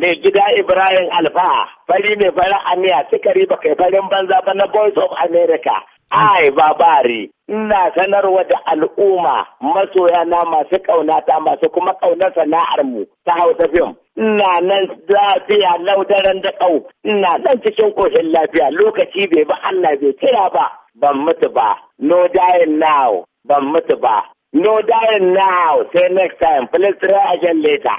mai gida Ibrahim Alfa'a fari mai farin aniya sikari ba kai farin banza ba na Voice of America. Ai babari ina sanarwa da al'umma masoya na masu ƙaunata masu kuma ƙaunar sana'ar mu ta Hausa fim. Ina nan lafiya laudaran da ƙau ina nan cikin ƙoshin lafiya lokaci bai ba Allah bai kira ba ban mutu ba no dying now ban mutu ba no dying now say next time please try again later.